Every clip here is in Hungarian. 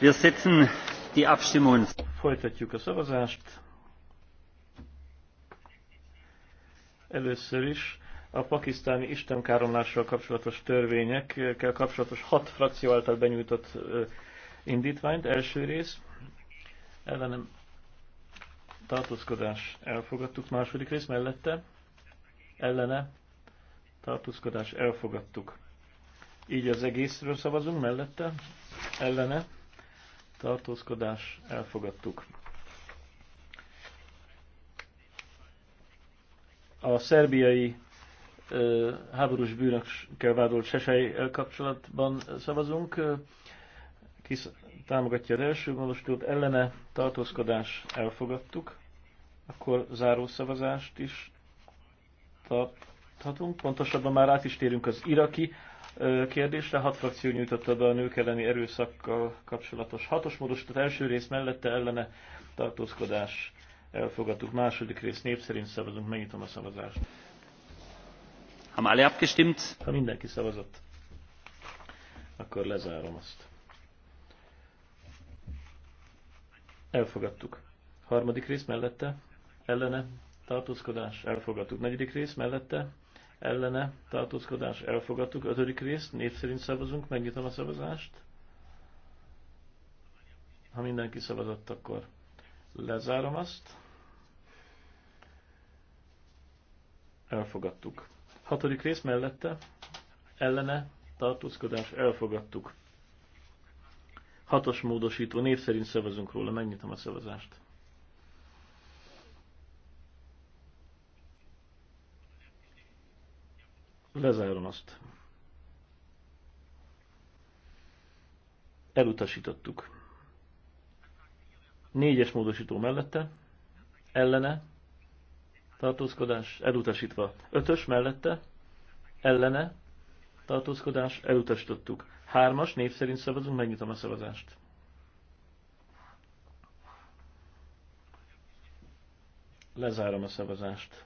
Wir setzen die Folytatjuk a szavazást. Először is a pakisztáni istenkáromlással kapcsolatos törvényekkel kapcsolatos hat frakció által benyújtott indítványt. Első rész, ellenem tartózkodás elfogadtuk, második rész mellette, ellene tartózkodás elfogadtuk. Így az egészről szavazunk mellette, ellene tartózkodás, elfogadtuk. A szerbiai ö, háborús bűnökkel vádolt sesei kapcsolatban szavazunk. Ki támogatja az első módosítót, ellene tartózkodás elfogadtuk. Akkor záró szavazást is tarthatunk. Pontosabban már át is térünk az iraki kérdésre. Hat frakció nyújtotta be a nők elleni erőszakkal kapcsolatos hatos módosított első rész mellette ellene tartózkodás elfogadtuk. Második rész népszerint szavazunk. Megnyitom a szavazást. Ha már abgestimmt? Ha mindenki szavazott, akkor lezárom azt. Elfogadtuk. Harmadik rész mellette, ellene, tartózkodás, elfogadtuk. Negyedik rész mellette, ellene tartózkodás elfogadtuk. Ötödik rész, név szerint szavazunk, megnyitom a szavazást. Ha mindenki szavazott, akkor lezárom azt. Elfogadtuk. Hatodik rész mellette, ellene tartózkodás elfogadtuk. Hatos módosító, név szerint szavazunk róla, megnyitom a szavazást. Lezárom azt. Elutasítottuk. Négyes módosító mellette, ellene, tartózkodás, elutasítva. Ötös mellette, ellene, tartózkodás, elutasítottuk. Hármas, név szerint szavazunk, megnyitom a szavazást. Lezárom a szavazást.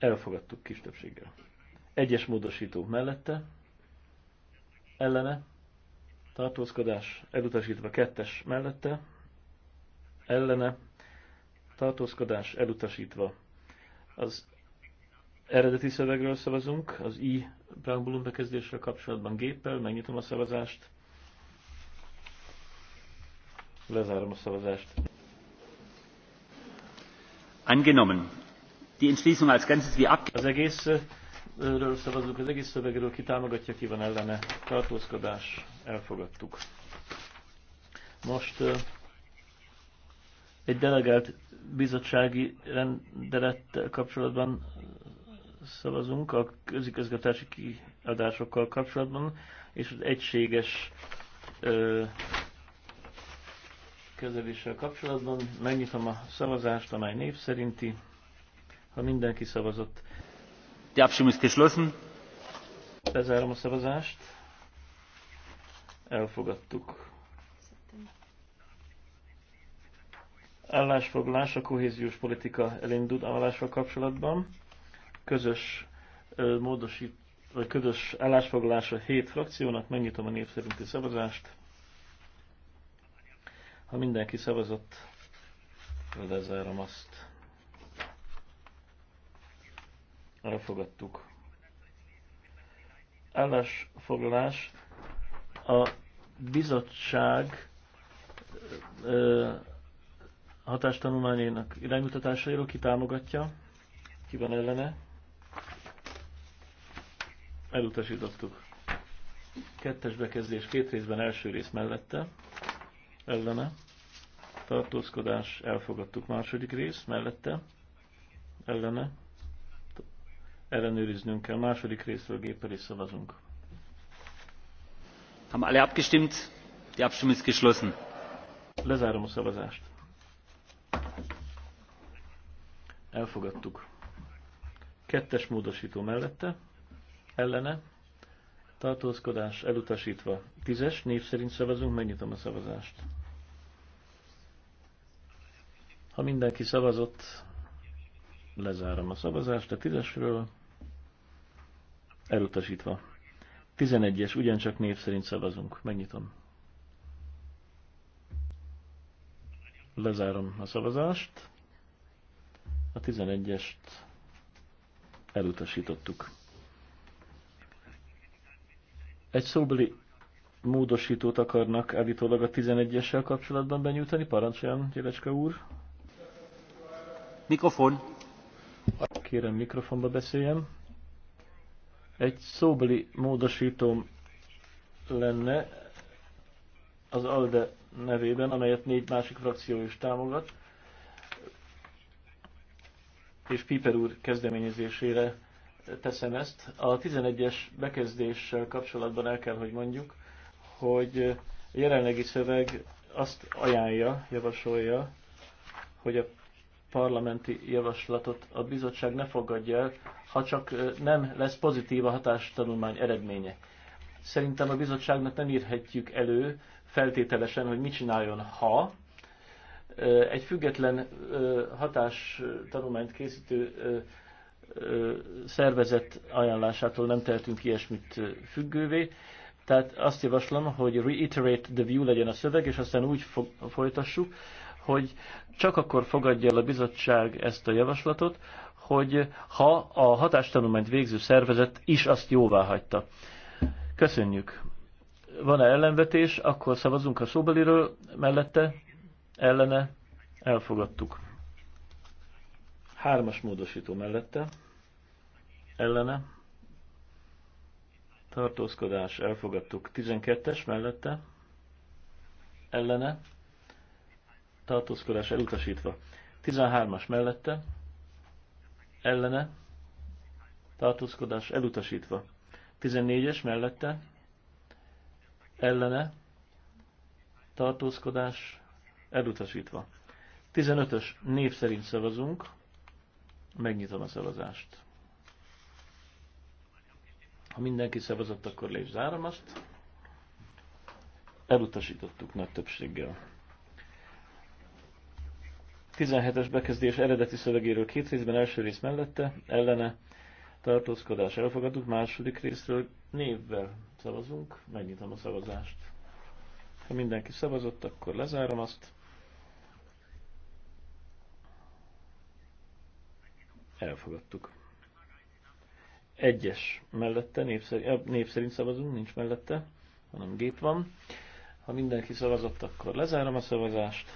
Elfogadtuk kis többséggel. Egyes módosítók mellette, ellene, tartózkodás, elutasítva kettes mellette, ellene, tartózkodás, elutasítva. Az eredeti szövegről szavazunk, az I preambulum bekezdéssel kapcsolatban géppel, megnyitom a szavazást, lezárom a szavazást. Angenommen. Die Entschließung als Ganzes wie ab. Az egészről szavazunk, az egész szövegről ki támogatja, ki van ellene. Tartózkodás, elfogadtuk. Most egy delegált bizottsági rendelettel kapcsolatban szavazunk, a közigazgatási kiadásokkal kapcsolatban, és az egységes ö, kezeléssel kapcsolatban megnyitom a szavazást, amely név szerinti ha mindenki szavazott. Die Abstimmung ist geschlossen. Bezárom a szavazást. Elfogadtuk. Állásfoglalás a kohéziós politika állással kapcsolatban. Közös módosít, vagy közös állásfoglalása hét frakciónak. Megnyitom a népszerinti szavazást. Ha mindenki szavazott, lezárom azt. elfogadtuk. Állásfoglalás a bizottság ö, hatástanulmányainak iránymutatásairól ki támogatja, ki van ellene. Elutasítottuk. Kettes bekezdés két részben első rész mellette, ellene. Tartózkodás, elfogadtuk második rész mellette, ellene ellenőriznünk kell. Második részről géppel is szavazunk. Haben alle abgestimmt? Die Abstimmung ist geschlossen. Lezárom a szavazást. Elfogadtuk. Kettes módosító mellette, ellene, tartózkodás elutasítva. Tízes név szerint szavazunk, megnyitom a szavazást. Ha mindenki szavazott, lezárom a szavazást a tízesről. Elutasítva. 11-es, ugyancsak név szerint szavazunk. Megnyitom. Lezárom a szavazást. A 11-est elutasítottuk. Egy szóbeli módosítót akarnak állítólag a 11-essel kapcsolatban benyújtani. Parancsoljon, Gyerecske úr. Mikrofon. Kérem, mikrofonba beszéljem. Egy szóbeli módosítóm lenne az ALDE nevében, amelyet négy másik frakció is támogat, és Piper úr kezdeményezésére teszem ezt. A 11-es bekezdéssel kapcsolatban el kell, hogy mondjuk, hogy a jelenlegi szöveg azt ajánlja, javasolja, hogy a parlamenti javaslatot a bizottság ne fogadja el, ha csak nem lesz pozitív a hatástanulmány eredménye. Szerintem a bizottságnak nem írhatjuk elő feltételesen, hogy mit csináljon, ha. Egy független hatástanulmányt készítő szervezet ajánlásától nem tehetünk ilyesmit függővé. Tehát azt javaslom, hogy reiterate the view legyen a szöveg, és aztán úgy fog, folytassuk, hogy csak akkor fogadja el a bizottság ezt a javaslatot, hogy ha a hatástanulmányt végző szervezet is azt jóvá hagyta. Köszönjük. Van-e ellenvetés, akkor szavazunk a szóbeliről, mellette, ellene, elfogadtuk. Hármas módosító mellette, ellene, tartózkodás, elfogadtuk. 12-es mellette, ellene, tartózkodás elutasítva. 13-as mellette, ellene, tartózkodás elutasítva. 14-es mellette, ellene, tartózkodás elutasítva. 15-ös név szerint szavazunk, megnyitom a szavazást. Ha mindenki szavazott, akkor le zárom azt. Elutasítottuk nagy többséggel. 17-es bekezdés eredeti szövegéről két részben, első rész mellette, ellene tartózkodás elfogadunk, második részről névvel szavazunk, megnyitom a szavazást. Ha mindenki szavazott, akkor lezárom azt. Elfogadtuk. Egyes mellette, népszer, szerint szavazunk, nincs mellette, hanem gép van. Ha mindenki szavazott, akkor lezárom a szavazást.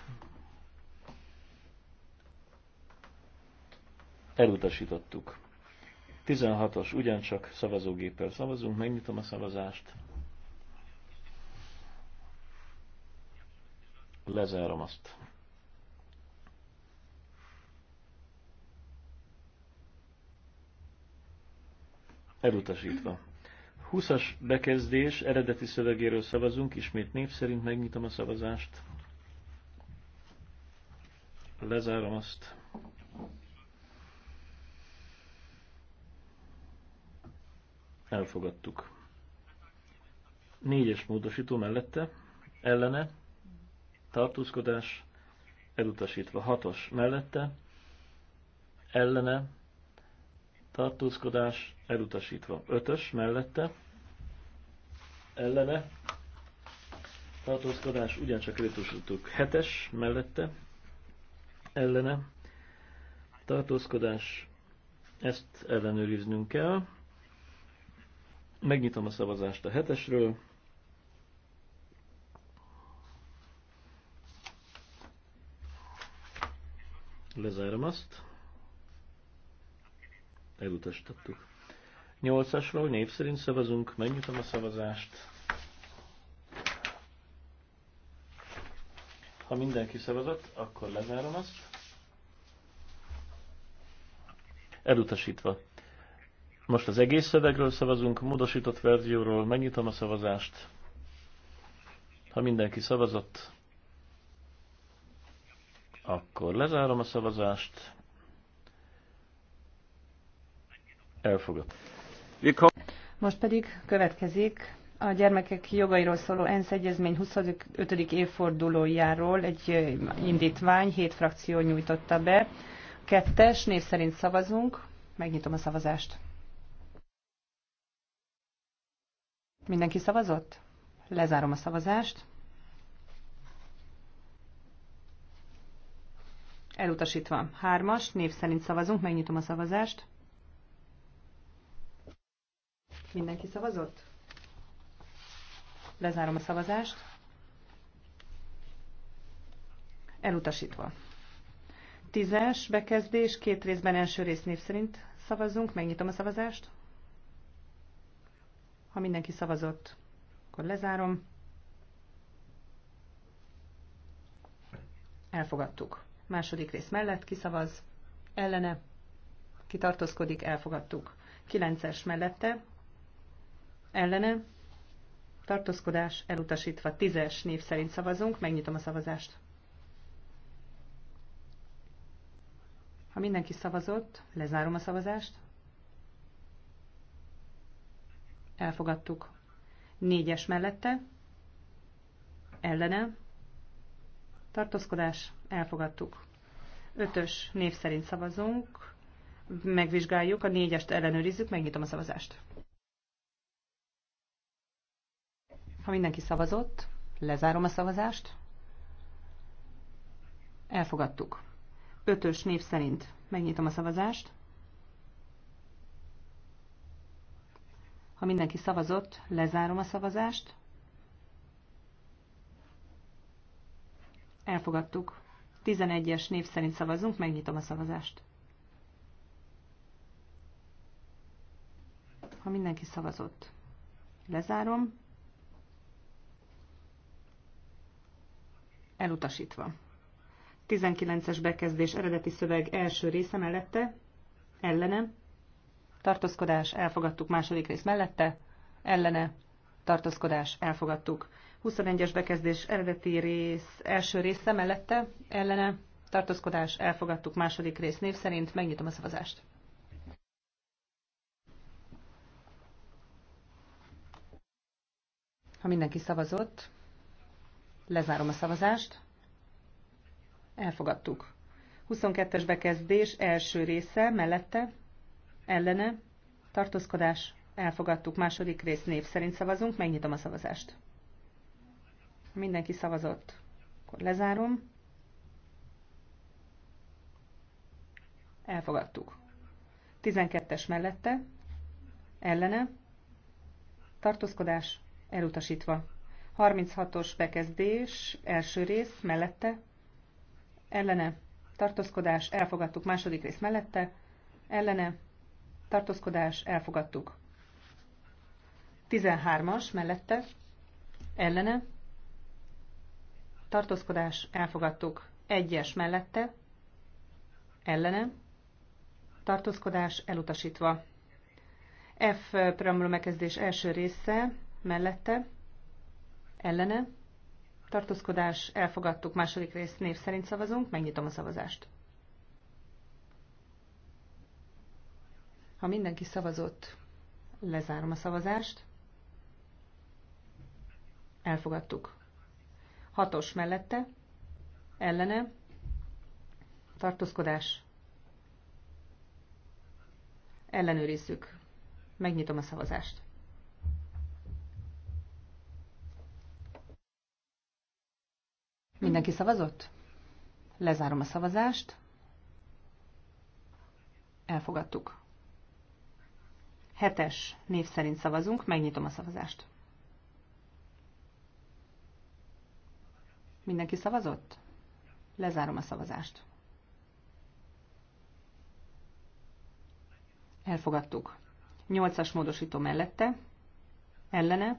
Elutasítottuk. 16-os, ugyancsak szavazógéppel szavazunk, megnyitom a szavazást. Lezárom azt. Elutasítva. 20-as bekezdés eredeti szövegéről szavazunk, ismét név szerint megnyitom a szavazást. Lezárom azt. Elfogadtuk. Négyes módosító mellette, ellene, tartózkodás, elutasítva. Hatos mellette, ellene, tartózkodás, elutasítva. Ötös mellette, ellene, tartózkodás, ugyancsak elutasítottuk. Hetes mellette, ellene, tartózkodás, ezt ellenőriznünk kell. Megnyitom a szavazást a hetesről. Lezárom azt. Elutasítottuk. 8-asról név szerint szavazunk, megnyitom a szavazást. Ha mindenki szavazott, akkor lezárom azt. Elutasítva. Most az egész szövegről szavazunk, a módosított verzióról megnyitom a szavazást. Ha mindenki szavazott, akkor lezárom a szavazást. Elfogad. Most pedig következik a gyermekek jogairól szóló ENSZ egyezmény 25. évfordulójáról egy indítvány, hét frakció nyújtotta be. Kettes, név szerint szavazunk. Megnyitom a szavazást. Mindenki szavazott? Lezárom a szavazást. Elutasítva. Hármas, név szerint szavazunk, megnyitom a szavazást. Mindenki szavazott? Lezárom a szavazást. Elutasítva. Tízes bekezdés, két részben első rész név szerint szavazunk, megnyitom a szavazást. Ha mindenki szavazott, akkor lezárom. Elfogadtuk. Második rész mellett kiszavaz, ellene, kitartózkodik, elfogadtuk. Kilences mellette, ellene, tartózkodás, elutasítva. Tízes név szerint szavazunk, megnyitom a szavazást. Ha mindenki szavazott, lezárom a szavazást. elfogadtuk. Négyes mellette, ellene, tartózkodás, elfogadtuk. Ötös név szerint szavazunk, megvizsgáljuk, a négyest ellenőrizzük, megnyitom a szavazást. Ha mindenki szavazott, lezárom a szavazást. Elfogadtuk. Ötös név szerint megnyitom a szavazást. Ha mindenki szavazott, lezárom a szavazást. Elfogadtuk. 11-es név szerint szavazunk, megnyitom a szavazást. Ha mindenki szavazott, lezárom. Elutasítva. 19-es bekezdés eredeti szöveg első része mellette, ellenem, tartózkodás, elfogadtuk második rész mellette, ellene, tartózkodás, elfogadtuk. 21-es bekezdés eredeti rész első része mellette, ellene, tartózkodás, elfogadtuk második rész név szerint, megnyitom a szavazást. Ha mindenki szavazott, lezárom a szavazást. Elfogadtuk. 22-es bekezdés első része mellette, ellene, tartózkodás, elfogadtuk. Második rész név szerint szavazunk, megnyitom a szavazást. Mindenki szavazott. Akkor lezárom. Elfogadtuk. 12-es mellette, ellene, tartózkodás, elutasítva. 36-os bekezdés, első rész, mellette, ellene, tartózkodás, elfogadtuk második rész mellette, ellene, tartózkodás, elfogadtuk. 13-as mellette, ellene, tartózkodás, elfogadtuk. 1-es mellette, ellene, tartózkodás, elutasítva. F preambulum megkezdés első része, mellette, ellene, tartózkodás, elfogadtuk, második rész név szerint szavazunk, megnyitom a szavazást. Ha mindenki szavazott, lezárom a szavazást. Elfogadtuk. Hatos mellette, ellene, tartózkodás. Ellenőrizzük. Megnyitom a szavazást. Mindenki szavazott? Lezárom a szavazást. Elfogadtuk. Hetes név szerint szavazunk, megnyitom a szavazást. Mindenki szavazott? Lezárom a szavazást. Elfogadtuk. Nyolcas módosító mellette, ellene,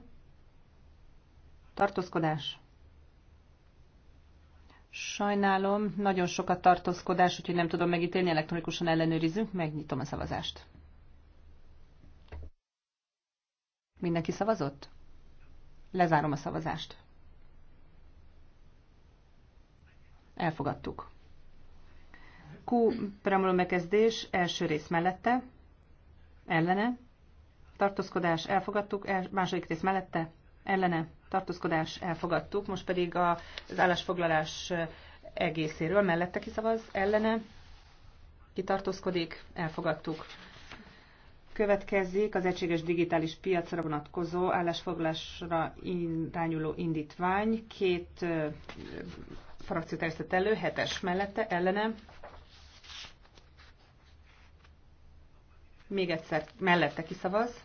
tartózkodás. Sajnálom, nagyon sok a tartózkodás, úgyhogy nem tudom megítélni, elektronikusan ellenőrizünk, megnyitom a szavazást. Mindenki szavazott? Lezárom a szavazást. Elfogadtuk. Q preambulum megkezdés első rész mellette, ellene, tartózkodás elfogadtuk, el, második rész mellette, ellene, tartózkodás elfogadtuk, most pedig a az állásfoglalás egészéről mellette kiszavaz, ellene, kitartózkodik, elfogadtuk. Következik az egységes digitális piacra vonatkozó állásfoglalásra irányuló indítvány. Két ö, frakció terjesztett elő, hetes mellette, ellene. Még egyszer mellette kiszavaz,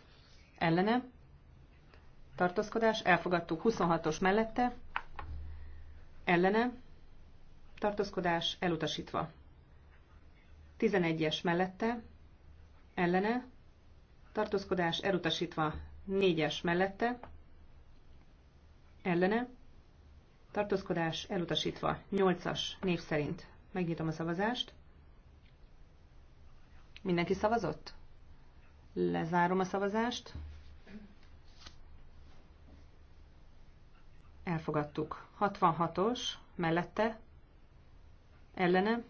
ellene. Tartózkodás, elfogadtuk 26-os mellette, ellene. Tartózkodás, elutasítva. 11-es mellette, ellene tartózkodás elutasítva 4-es mellette, ellene, tartózkodás elutasítva 8-as név szerint. Megnyitom a szavazást. Mindenki szavazott? Lezárom a szavazást. Elfogadtuk. 66-os, mellette, ellene,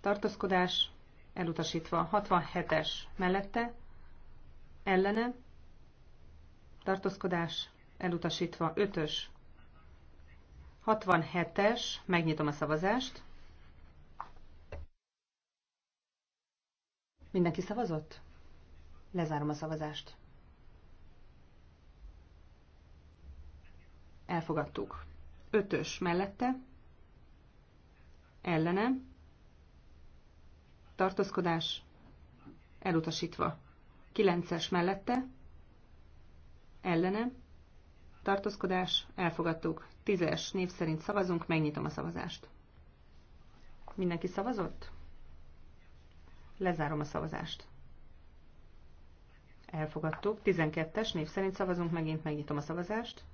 tartózkodás, elutasítva. 67-es mellette, ellene, tartózkodás, elutasítva. 5-ös. 67-es, megnyitom a szavazást. Mindenki szavazott? Lezárom a szavazást. Elfogadtuk. Ötös mellette. Ellene tartózkodás elutasítva. 9-es mellette, ellene, tartózkodás, elfogadtuk. 10-es név szerint szavazunk, megnyitom a szavazást. Mindenki szavazott? Lezárom a szavazást. Elfogadtuk. 12-es név szerint szavazunk, megint megnyitom a szavazást.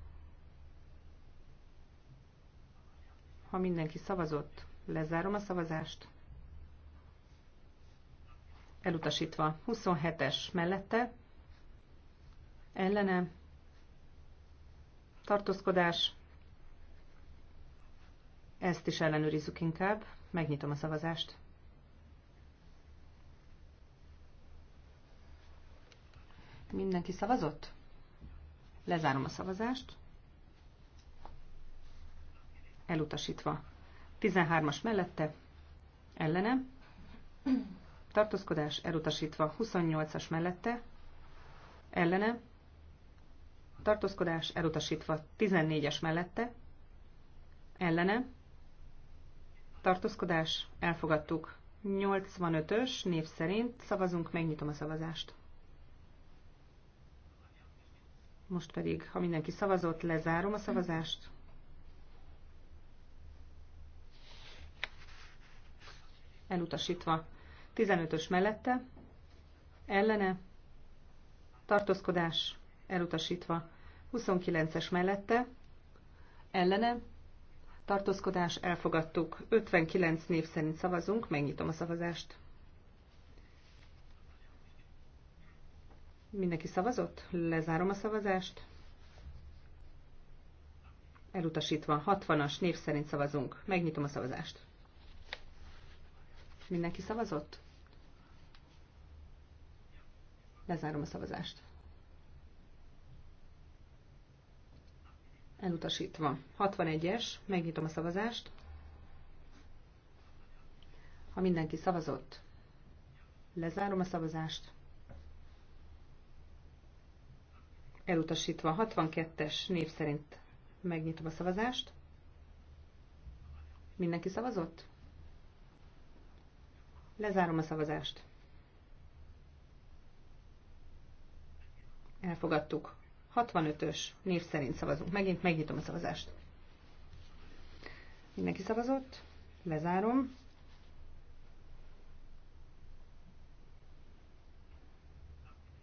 Ha mindenki szavazott, lezárom a szavazást elutasítva. 27-es mellette, ellene, tartózkodás, ezt is ellenőrizzük inkább, megnyitom a szavazást. Mindenki szavazott? Lezárom a szavazást. Elutasítva. 13-as mellette, ellene, tartózkodás elutasítva 28-as mellette, ellene, tartózkodás elutasítva 14-es mellette, ellene, tartózkodás elfogadtuk 85-ös név szerint szavazunk, megnyitom a szavazást. Most pedig, ha mindenki szavazott, lezárom a szavazást. Elutasítva 15-ös mellette, ellene, tartózkodás elutasítva. 29-es mellette, ellene, tartózkodás elfogadtuk. 59 név szerint szavazunk, megnyitom a szavazást. Mindenki szavazott? Lezárom a szavazást. Elutasítva 60-as név szerint szavazunk. Megnyitom a szavazást. Mindenki szavazott? Lezárom a szavazást. Elutasítva. 61-es, megnyitom a szavazást. Ha mindenki szavazott, lezárom a szavazást. Elutasítva. 62-es név szerint megnyitom a szavazást. Mindenki szavazott? Lezárom a szavazást. Elfogadtuk. 65-ös név szerint szavazunk. Megint megnyitom a szavazást. Mindenki szavazott. Lezárom.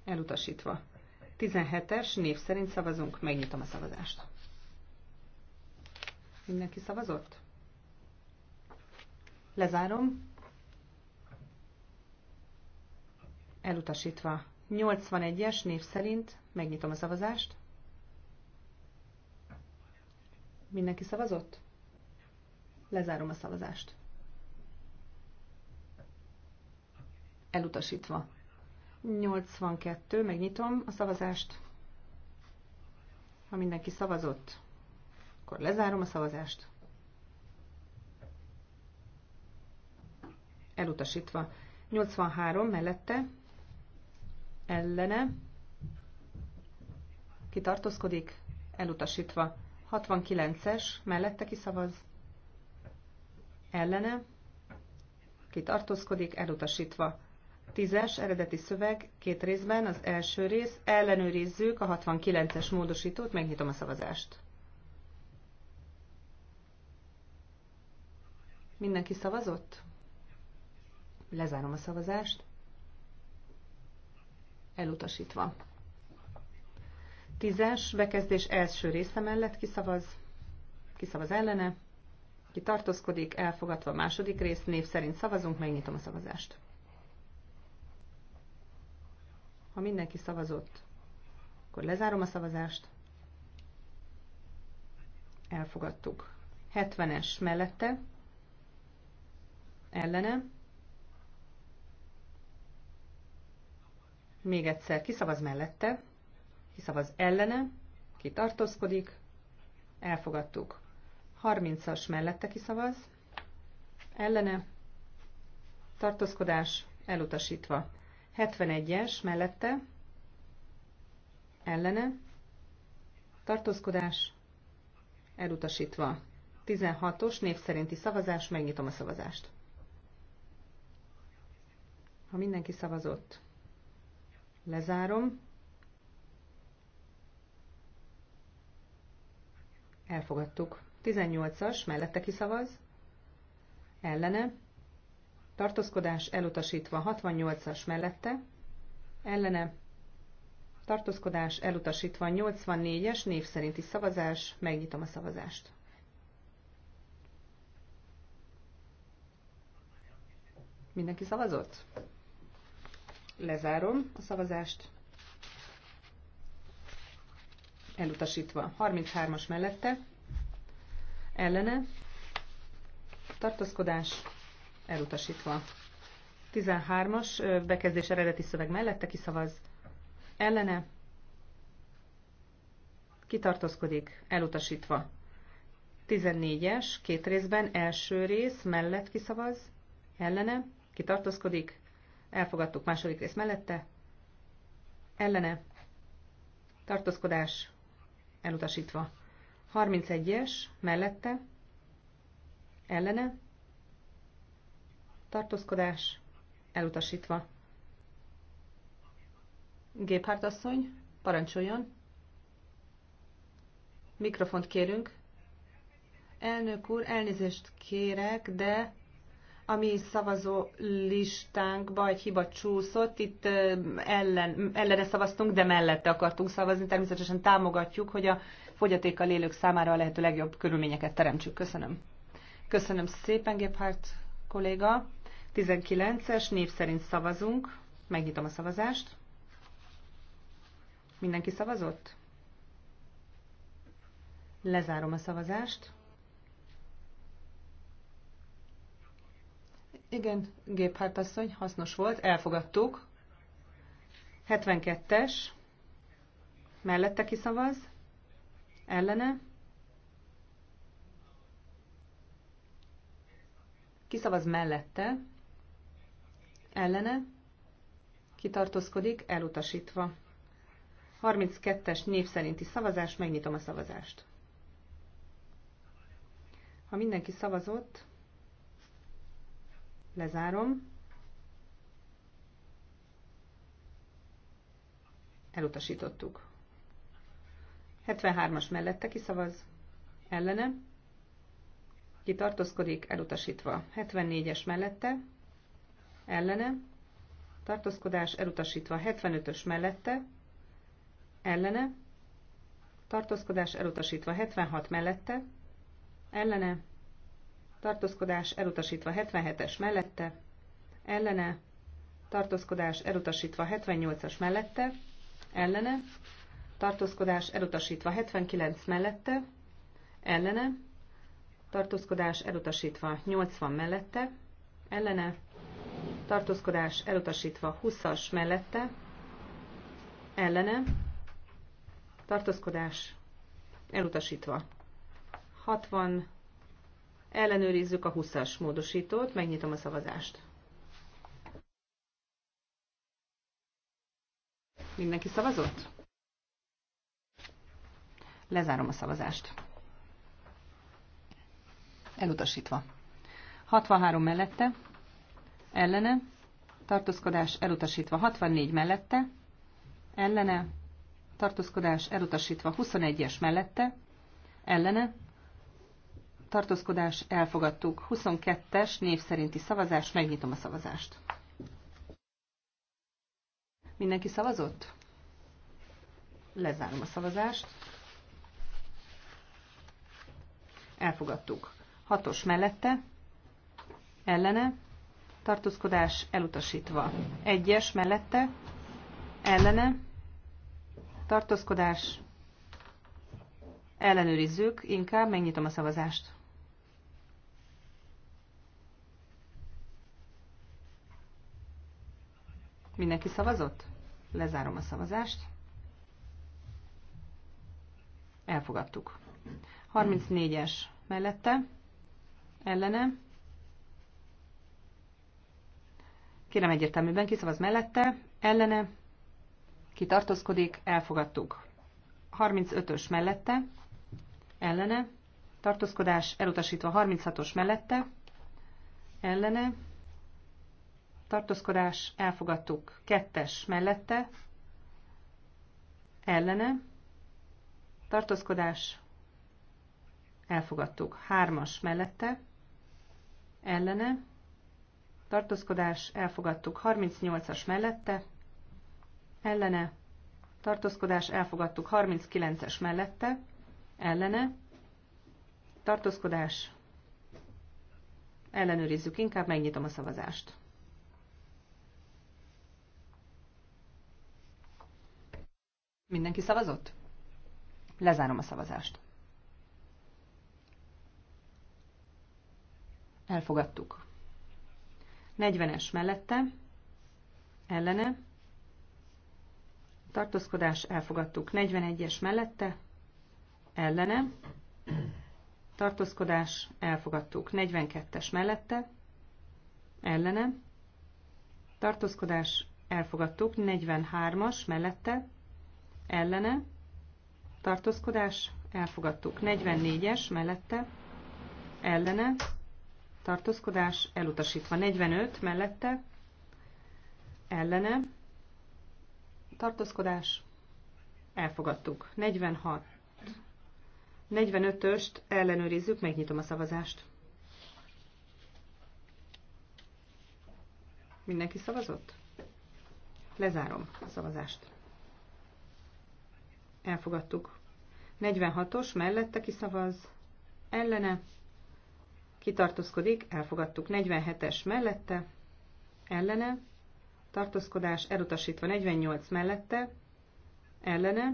Elutasítva. 17-es név szerint szavazunk. Megnyitom a szavazást. Mindenki szavazott? Lezárom. elutasítva. 81-es név szerint megnyitom a szavazást. Mindenki szavazott? Lezárom a szavazást. Elutasítva. 82, megnyitom a szavazást. Ha mindenki szavazott, akkor lezárom a szavazást. Elutasítva. 83 mellette ellene, kitartózkodik, elutasítva. 69-es, mellette kiszavaz, ellene, kitartózkodik, elutasítva. 10-es eredeti szöveg, két részben, az első rész, ellenőrizzük a 69-es módosítót, megnyitom a szavazást. Mindenki szavazott? Lezárom a szavazást elutasítva. Tízes bekezdés első része mellett kiszavaz, kiszavaz ellene, ki tartózkodik, elfogadva a második rész, név szerint szavazunk, megnyitom a szavazást. Ha mindenki szavazott, akkor lezárom a szavazást. Elfogadtuk. 70-es mellette, ellene, Még egyszer, kiszavaz mellette, kiszavaz ellene, ki tartózkodik, elfogadtuk. 30-as mellette kiszavaz, ellene, tartózkodás, elutasítva. 71-es mellette, ellene, tartózkodás, elutasítva. 16-os név szerinti szavazás, megnyitom a szavazást. Ha mindenki szavazott, Lezárom. Elfogadtuk. 18-as, mellette kiszavaz. Ellene. Tartózkodás elutasítva. 68-as mellette. Ellene. Tartózkodás elutasítva. 84-es, név szerinti szavazás. Megnyitom a szavazást. Mindenki szavazott? Lezárom a szavazást. Elutasítva. 33-as mellette. Ellene. Tartózkodás. Elutasítva. 13-as bekezdés eredeti szöveg mellette kiszavaz. Ellene. kitartozkodik Elutasítva. 14-es, két részben, első rész, mellett kiszavaz, ellene, kitartozkodik elfogadtuk második rész mellette, ellene, tartózkodás, elutasítva. 31-es, mellette, ellene, tartózkodás, elutasítva. Géphárt asszony, parancsoljon. Mikrofont kérünk. Elnök úr, elnézést kérek, de a mi szavazó listánkba egy hiba csúszott, itt ellen, ellene szavaztunk, de mellette akartunk szavazni. Természetesen támogatjuk, hogy a fogyatékkal élők számára a lehető legjobb körülményeket teremtsük. Köszönöm. Köszönöm szépen, Gephardt kolléga. 19-es, név szerint szavazunk. Megnyitom a szavazást. Mindenki szavazott? Lezárom a szavazást. Igen, géphárpasszony, hasznos volt, elfogadtuk. 72-es, mellette kiszavaz, ellene. Kiszavaz mellette, ellene, kitartózkodik, elutasítva. 32-es név szerinti szavazás, megnyitom a szavazást. Ha mindenki szavazott, Lezárom. Elutasítottuk. 73-as mellette kiszavaz. Ellene. Ki elutasítva. 74-es mellette. Ellene. Tartózkodás elutasítva. 75-ös mellette. Ellene. Tartózkodás elutasítva. 76 mellette. Ellene tartózkodás elutasítva 77-es mellette, ellene, tartózkodás elutasítva 78-as mellette, ellene, tartózkodás elutasítva 79 mellette, ellene, tartózkodás elutasítva 80 mellette, ellene, tartózkodás elutasítva 20-as mellette, ellene, tartózkodás elutasítva 60 Ellenőrizzük a 20-as módosítót, megnyitom a szavazást. Mindenki szavazott? Lezárom a szavazást. Elutasítva. 63 mellette, ellene, tartózkodás elutasítva. 64 mellette, ellene, tartózkodás elutasítva. 21-es mellette, ellene, tartózkodás elfogadtuk. 22-es név szerinti szavazás, megnyitom a szavazást. Mindenki szavazott? Lezárom a szavazást. Elfogadtuk. Hatos mellette, ellene, tartózkodás elutasítva. Egyes mellette, ellene, tartózkodás ellenőrizzük, inkább megnyitom a szavazást. Mindenki szavazott? Lezárom a szavazást. Elfogadtuk. 34-es mellette, ellene. Kérem egyértelműben, kiszavaz mellette, ellene, kitartózkodik, elfogadtuk. 35-ös mellette, ellene, tartózkodás elutasítva 36-os mellette, ellene, tartózkodás, elfogadtuk. Kettes mellette, ellene, tartózkodás, elfogadtuk. Hármas mellette, ellene, tartózkodás, elfogadtuk. 38-as mellette, ellene, tartózkodás, elfogadtuk. 39-es mellette, ellene, tartózkodás, ellenőrizzük inkább, megnyitom a szavazást. Mindenki szavazott? Lezárom a szavazást. Elfogadtuk. 40-es mellette, ellene, tartózkodás, elfogadtuk. 41-es mellette, ellene, tartózkodás, elfogadtuk. 42-es mellette, ellene, tartózkodás, elfogadtuk. 43-as mellette, ellene, tartózkodás, elfogadtuk. 44-es mellette, ellene, tartózkodás, elutasítva. 45 mellette, ellene, tartózkodás, elfogadtuk. 46. 45-öst ellenőrizzük, megnyitom a szavazást. Mindenki szavazott? Lezárom a szavazást. Elfogadtuk. 46-os mellette kiszavaz, ellene, kitartózkodik, elfogadtuk. 47-es mellette, ellene, tartózkodás elutasítva. 48 mellette, ellene,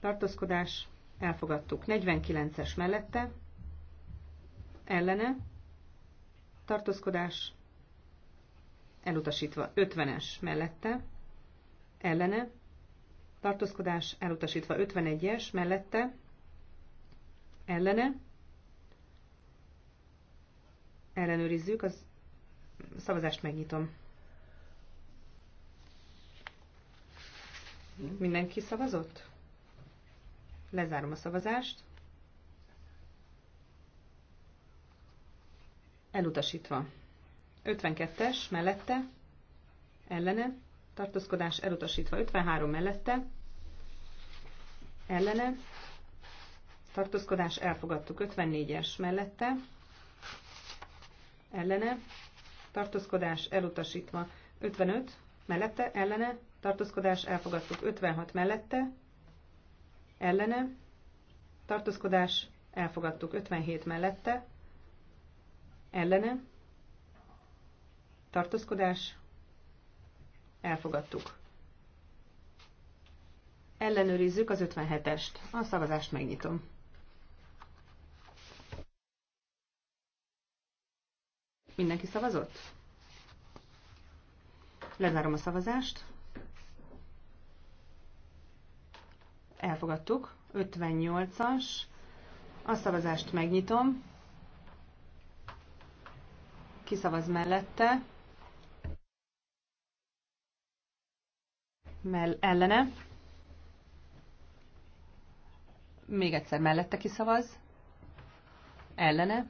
tartózkodás, elfogadtuk. 49-es mellette, ellene, tartózkodás, elutasítva. 50-es mellette, ellene, tartózkodás elutasítva 51-es mellette, ellene, ellenőrizzük, az szavazást megnyitom. Mindenki szavazott? Lezárom a szavazást. Elutasítva. 52-es mellette, ellene, tartózkodás elutasítva 53 mellette, ellene, tartózkodás elfogadtuk 54-es mellette, ellene, tartózkodás elutasítva 55 mellette, ellene, tartózkodás elfogadtuk 56 mellette, ellene, tartózkodás elfogadtuk 57 mellette, ellene, tartózkodás Elfogadtuk. Ellenőrizzük az 57-est. A szavazást megnyitom. Mindenki szavazott? Lezárom a szavazást. Elfogadtuk. 58-as. A szavazást megnyitom. Kiszavaz mellette. mell ellene. Még egyszer mellette kiszavaz. Ellene.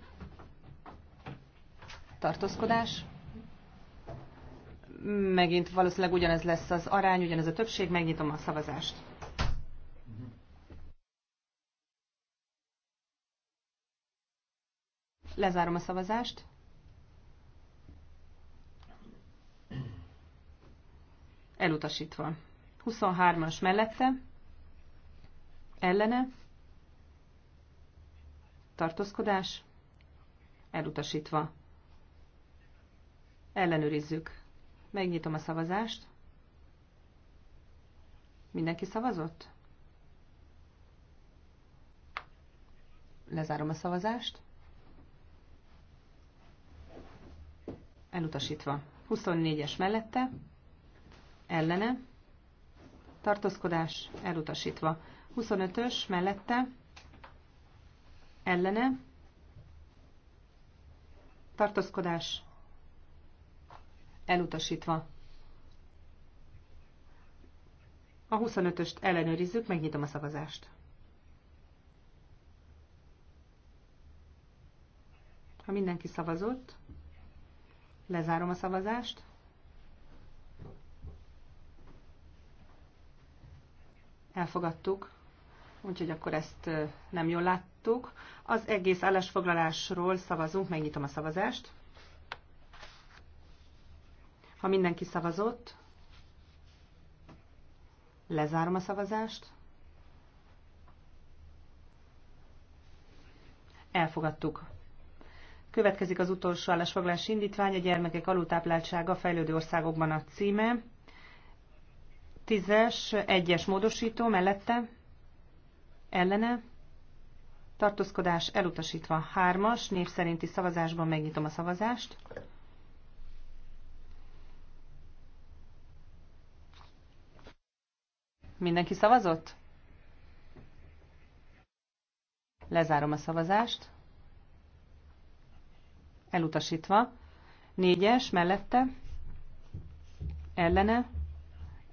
Tartózkodás. Megint valószínűleg ugyanez lesz az arány, ugyanez a többség. Megnyitom a szavazást. Lezárom a szavazást. elutasítva. 23-as mellette, ellene, tartózkodás, elutasítva. Ellenőrizzük. Megnyitom a szavazást. Mindenki szavazott? Lezárom a szavazást. Elutasítva. 24-es mellette, ellene, tartózkodás elutasítva. 25-ös mellette, ellene, tartózkodás elutasítva. A 25-öst ellenőrizzük, megnyitom a szavazást. Ha mindenki szavazott, lezárom a szavazást. elfogadtuk, úgyhogy akkor ezt nem jól láttuk. Az egész állásfoglalásról szavazunk, megnyitom a szavazást. Ha mindenki szavazott, lezárom a szavazást. Elfogadtuk. Következik az utolsó állásfoglalás indítvány, a gyermekek alultápláltsága fejlődő országokban a címe. Tízes, egyes módosító mellette, ellene, tartózkodás elutasítva. Hármas, név szerinti szavazásban megnyitom a szavazást. Mindenki szavazott? Lezárom a szavazást. Elutasítva. Négyes mellette. Ellene.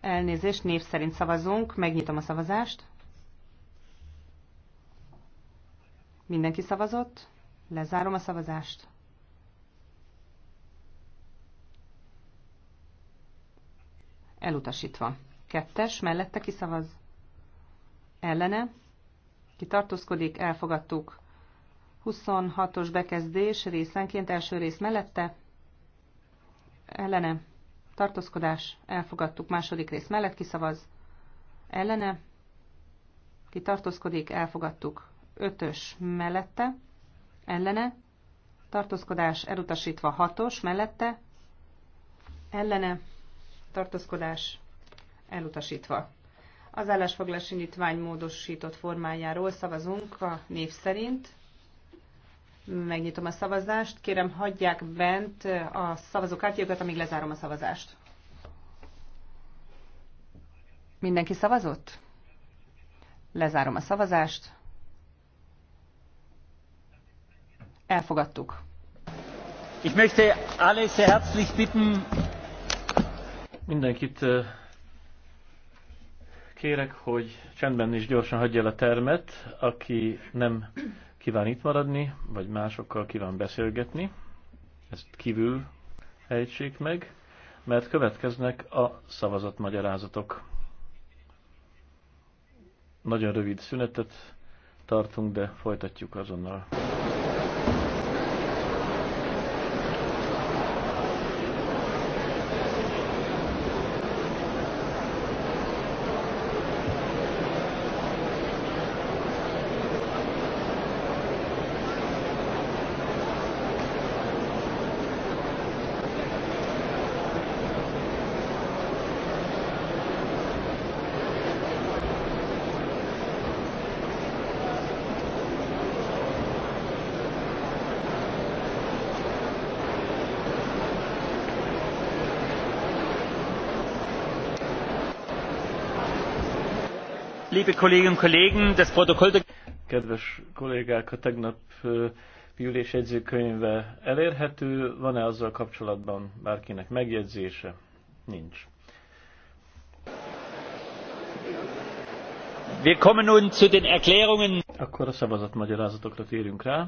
Elnézést, név szerint szavazunk. Megnyitom a szavazást. Mindenki szavazott? Lezárom a szavazást. Elutasítva. Kettes, mellette kiszavaz. Ellene. Kitartózkodik, elfogadtuk. 26-os bekezdés részenként első rész mellette. Ellene tartózkodás, elfogadtuk. Második rész mellett kiszavaz, ellene, ki tartózkodik, elfogadtuk. Ötös mellette, ellene, tartózkodás elutasítva hatos mellette, ellene, tartózkodás elutasítva. Az állásfoglalási indítvány módosított formájáról szavazunk a név szerint. Megnyitom a szavazást. Kérem, hagyják bent a szavazókártyákat, amíg lezárom a szavazást. Mindenki szavazott? Lezárom a szavazást. Elfogadtuk. Ich möchte alle sehr herzlich bitten. Mindenkit kérek, hogy csendben és gyorsan hagyja el a termet, aki nem kíván itt maradni, vagy másokkal kíván beszélgetni. Ezt kívül ejtsék meg, mert következnek a szavazatmagyarázatok. Nagyon rövid szünetet tartunk, de folytatjuk azonnal. liebe Kolleginnen und Kollegen, das Protokoll... Kedves kollégák, a tegnap ülés jegyzőkönyve elérhető, van-e azzal kapcsolatban bárkinek megjegyzése? Nincs. Wir kommen nun zu den Erklärungen. Akkor a szavazatmagyarázatokra térünk rá.